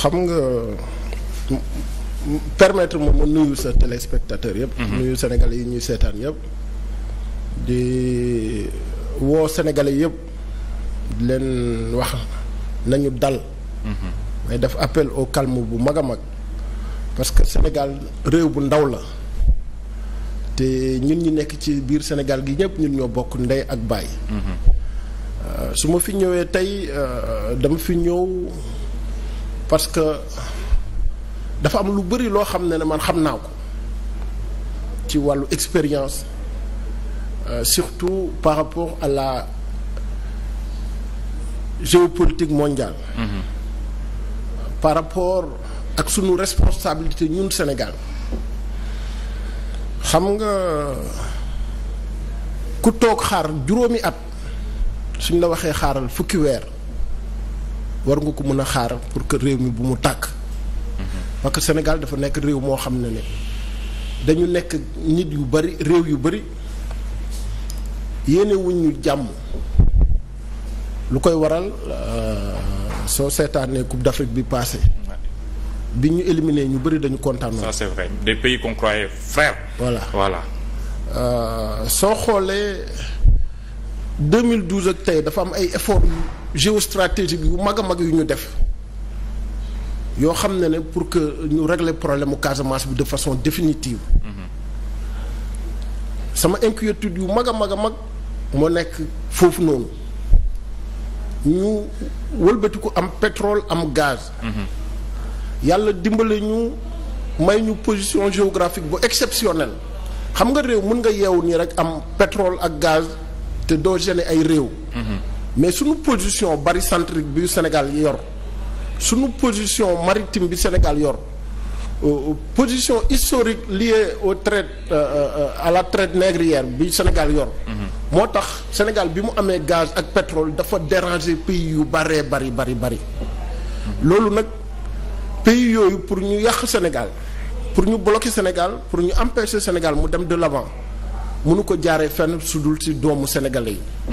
xam nga permettre moom ma nuyu sa téléspectateur yëpp. Mhm. nuyu sénégalais yi ñuy seetaan yëpp. di woo sénégalais yëpp leen wax nañu dal. Mhm. mais def appel au calme bu mag a mag parce que senegal réew bu ndaw la te ñun ñi nekk ci biir Sénégal gi ñëpp ñun ñoo bokk ndey ak baay. Mhm. Euh, su ma fi ñëwee tey euh, dama fi ñëw. parce que dafa am lu bëri loo xam ne ne man xam naa ko ci wàllu expérience euh, surtout par rapport à la géopolitique mondiale mm-hmm. par rapport ak sunu responsabilité ñun Sénégal xam nga ku toog xaar juróomi at suñ la waxee xaaral fukki weer war nga ko mën a xaar pour que réew mi bu mu tàkk. parce que Sénégal dafa nekk réew moo xam ne ne dañu nekk nit yu bari réew yu bari yéene jàmm lu koy waral euh, soo seetaanee Coupe d'Afrique bi passé bi ñu éliminé ñu bari dañu kontaanoo. ça c'est voilà voilà. Euh, soo xoolee 2012 ak tey dafa am ay efforts géostratégique yu mag a mag yu ñu def yoo xam ne ne pour que ñu régler problème mu Casamance bi de façon définitive sama inquiétude yu mag a mag a mag moo nekk foofu noonu ñu wëlbatiku am pétrole am gaz yàlla dimbale ñu may ñu position géographique bu exceptionnelle xam nga réew mën nga yeewu nii rek am pétrole ak gaz te doo gêner ay réew mais suñu position barycentrique bi Sénégal yor suñu position maritime bi Sénégal yor euh, euh, position historique liée au traite euh, à la traite négrière bi Sénégal yor mhm. moo tax Sénégal bi mu amee gaz ak pétrole dafa déranger pays yu bëree bari bari bari loolu nag pays yooyu pour ñu yàq Sénégal pour ñu bloquer Sénégal pour ñu empêcher Sénégal mu dem de l'avant mënu ko jaaree fenn sudul ci doomu sénégalais yi